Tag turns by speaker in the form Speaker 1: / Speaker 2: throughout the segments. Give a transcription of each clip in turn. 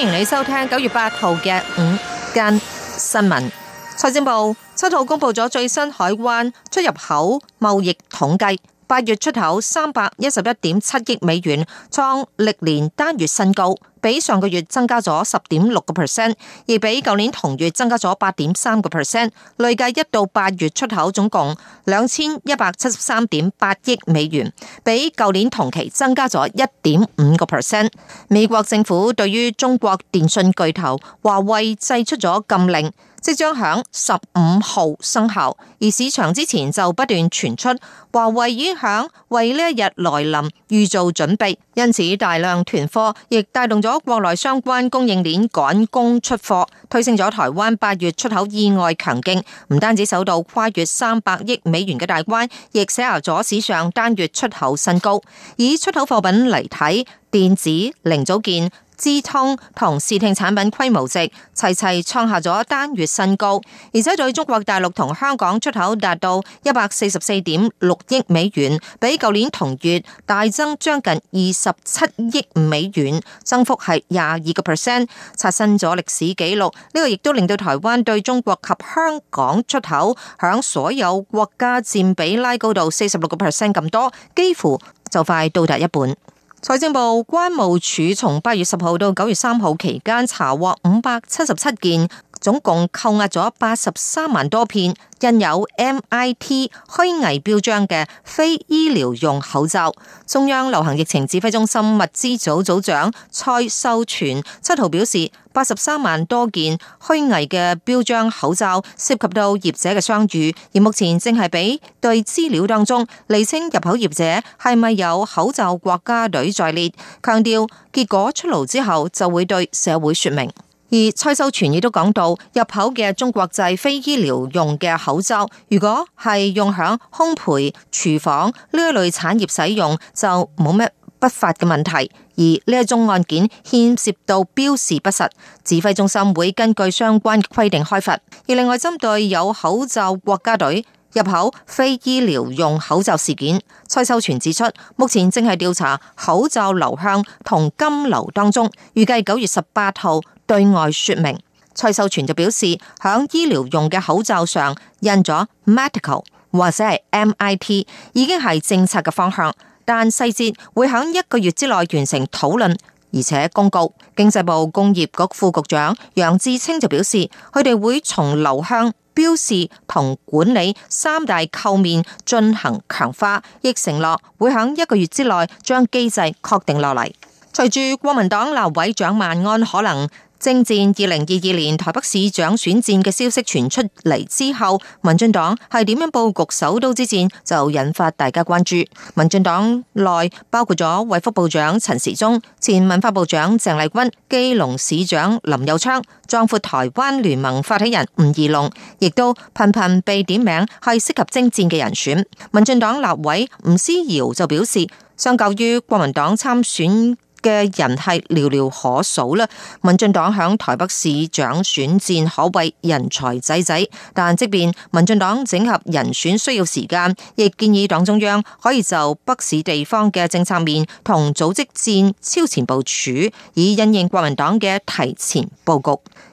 Speaker 1: 歡迎你收聽九月八號嘅午間新聞。財政部七號公布咗最新海關出入口貿易統計，八月出口三百一十一點七億美元，創歷年單月新高。比上個月增加咗十點六個 percent，而比舊年同月增加咗八點三個 percent。累計一到八月出口總共兩千一百七十三點八億美元，比舊年同期增加咗一點五個 percent。美國政府對於中國電信巨頭華為祭出咗禁令，即將響十五號生效。而市場之前就不斷傳出華為已響為呢一日來臨預做準備，因此大量囤貨亦帶動咗。咗國內相關供應鏈趕工出貨，推升咗台灣八月出口意外強勁。唔單止首度跨越三百億美元嘅大關，亦寫下咗史上單月出口新高。以出口貨品嚟睇，電子零組件、資通同視聽產品規模值，齊齊創下咗單月新高，而且對中國大陸同香港出口達到一百四十四點六億美元，比舊年同月大增將近二十七億美元，增幅係廿二個 percent，刷新咗歷史紀錄。呢、這個亦都令到台灣對中國及香港出口響所有國家佔比拉高到四十六個 percent 咁多，幾乎就快到達一半。財政部關務署從八月十號到九月三號期間，查獲五百七十七件。總共扣押咗八十三萬多片印有 MIT 虛偽標章嘅非醫療用口罩。中央流行疫情指揮中心物資組組長蔡秀全七號表示，八十三萬多件虛偽嘅標章口罩涉及到業者嘅商譽，而目前正係比對資料當中厘清入口業者係咪有口罩國家隊在列，強調結果出爐之後就會對社會說明。而蔡秀全亦都講到，入口嘅中國製非醫療用嘅口罩，如果係用響烘焙、廚房呢一類產業使用，就冇咩不法嘅問題。而呢一宗案件牽涉到標示不實，指揮中心會根據相關規定開罰。而另外針對有口罩國家隊，入口非醫療用口罩事件，蔡秀全指出，目前正係調查口罩流向同金流當中，預計九月十八號對外說明。蔡秀全就表示，響醫療用嘅口罩上印咗 medical 或者係 MIT 已經係政策嘅方向，但細節會響一個月之內完成討論。而且，公告經濟部工業局副局長楊志清就表示，佢哋會從流向標示同管理三大構面進行強化，亦承諾會喺一個月之內將機制確定落嚟。隨住國民黨立委蔣萬安可能。征戰二零二二年台北市長選戰嘅消息傳出嚟之後，民進黨係點樣布局首都之戰，就引發大家關注。民進黨內包括咗衛福部長陳時中、前文化部長鄭麗君、基隆市長林右昌，壯闊台灣聯盟發起人吳怡龍，亦都頻頻被點名係適合征戰嘅人選。民進黨立委吳思瑤就表示，相較於國民黨參選。嘅人係寥寥可數啦。民進黨響台北市長選戰可謂人才濟濟，但即便民進黨整合人選需要時間，亦建議黨中央可以就北市地方嘅政策面同組織戰超前部署，以因應國民黨嘅提前布局。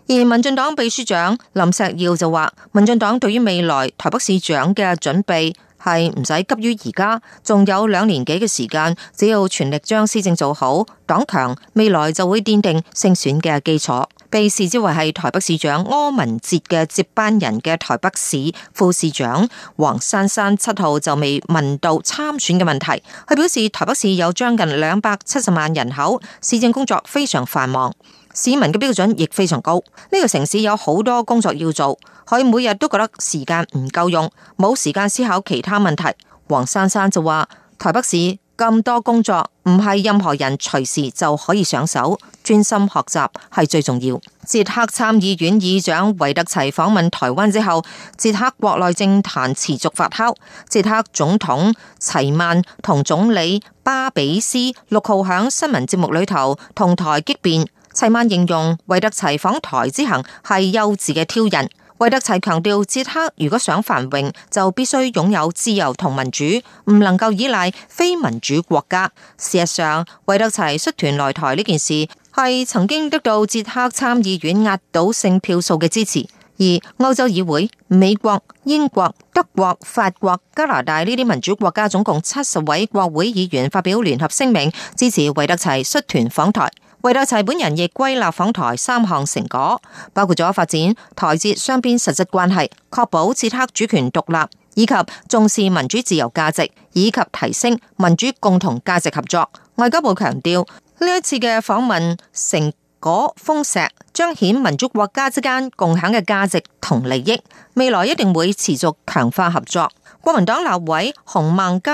Speaker 1: 而民進黨秘書長林石耀就話，民進黨對於未來台北市長嘅準備。係唔使急於而家，仲有兩年幾嘅時間，只要全力將施政做好，黨強，未來就會奠定勝選嘅基礎。被視之為係台北市長柯文哲嘅接班人嘅台北市副市長黃珊珊，七號就未問到參選嘅問題，佢表示台北市有將近兩百七十萬人口，市政工作非常繁忙。市民嘅標準亦非常高。呢、這個城市有好多工作要做，佢每日都覺得時間唔夠用，冇時間思考其他問題。黃珊珊就話：台北市咁多工作，唔係任何人隨時就可以上手，專心學習係最重要。捷克參議院議長維特齊訪問台灣之後，捷克國內政壇持續發酵。捷克總統齊曼同總理巴比斯六號響新聞節目裏頭同台激辯。齊曼形容維特齊訪台之行係幼稚嘅挑釁。維特齊強調，捷克如果想繁榮，就必須擁有自由同民主，唔能夠依賴非民主國家。事實上，維特齊率團來台呢件事，係曾經得到捷克參議院壓倒性票數嘅支持，而歐洲議會、美國、英國、德國、法國、加拿大呢啲民主國家總共七十位國會議員發表聯合聲明，支持維特齊率團訪台。魏道齊本人亦歸納訪台三項成果，包括咗發展台捷雙邊實質關係，確保捷克主權獨立，以及重視民主自由價值，以及提升民主共同價值合作。外交部強調，呢一次嘅訪問成果豐碩，彰顯民族國家之間共享嘅價值同利益，未來一定會持續強化合作。國民黨立委，洪孟佳。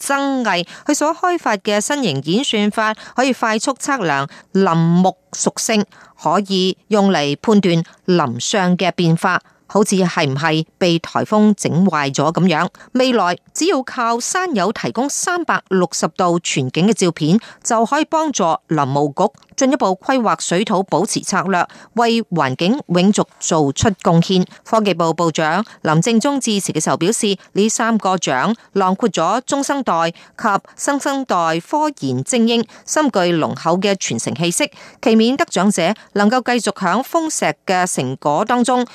Speaker 1: 曾毅佢所開發嘅新型演算法，可以快速測量林木屬性，可以用嚟判斷林相嘅變化。好似係唔係被台風整壞咗咁樣？未來只要靠山友提供三百六十度全景嘅照片，就可以幫助林務局進一步規劃水土保持策略，為環境永續做出貢獻。科技部部長林正忠致辭嘅時候表示：呢三個獎囊括咗中生代及新生代科研精英，深具濃厚嘅傳承氣息。其免得獎者能夠繼續響豐碩嘅成果當中。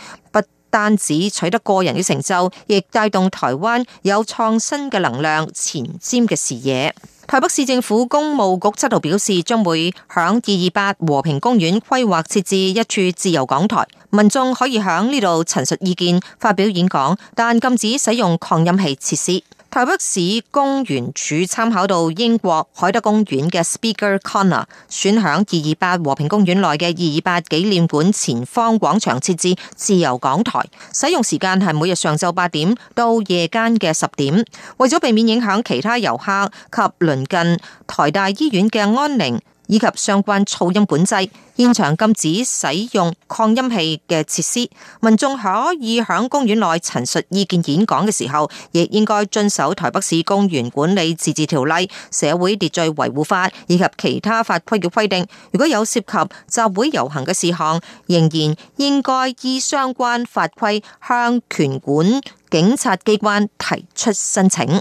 Speaker 1: 不單止取得個人嘅成就，亦帶動台灣有創新嘅能量、前瞻嘅視野。台北市政府公務局則度表示，將會響二二八和平公園規劃設置一處自由講台，民眾可以響呢度陳述意見、發表演講，但禁止使用擴音器設施。台北市公園處參考到英國海德公園嘅 Speaker Corner，選喺二二八和平公園內嘅二二八紀念館前方廣場設置自由講台，使用時間係每日上晝八點到夜間嘅十點。為咗避免影響其他遊客及鄰近台大醫院嘅安寧，以及相關噪音管制，現場禁止使用擴音器嘅設施。民眾可以喺公園內陳述意見、演講嘅時候，亦應該遵守台北市公園管理自治條例、社會秩序維護法以及其他法規嘅規定。如果有涉及集會遊行嘅事項，仍然應該依相關法規向權管警察機關提出申請。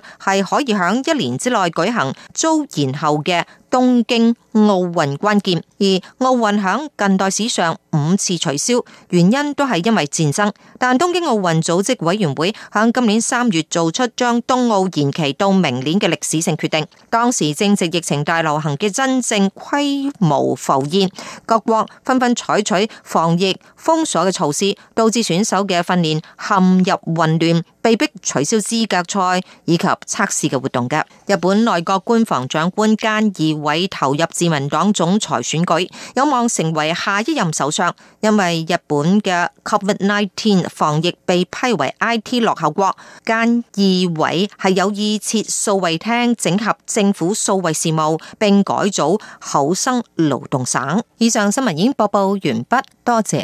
Speaker 1: 係可以喺一年之內舉行，遭延後嘅東京奧運關鍵。而奧運喺近代史上五次取消，原因都係因為戰爭。但東京奧運組織委員會喺今年三月做出將東奧延期到明年嘅歷史性決定。當時正值疫情大流行嘅真正規模浮現，各國紛紛採取防疫封鎖嘅措施，導致選手嘅訓練陷入混亂。被迫取消資格賽以及測試嘅活動嘅日本內閣官房長官菅義偉投入自民黨總裁選舉，有望成為下一任首相。因為日本嘅 Covid nineteen 防疫被批為 IT 落後國，菅義偉係有意設數位廳，整合政府數位事務，並改組厚生勞動省。以上新聞已經播報完畢，多謝。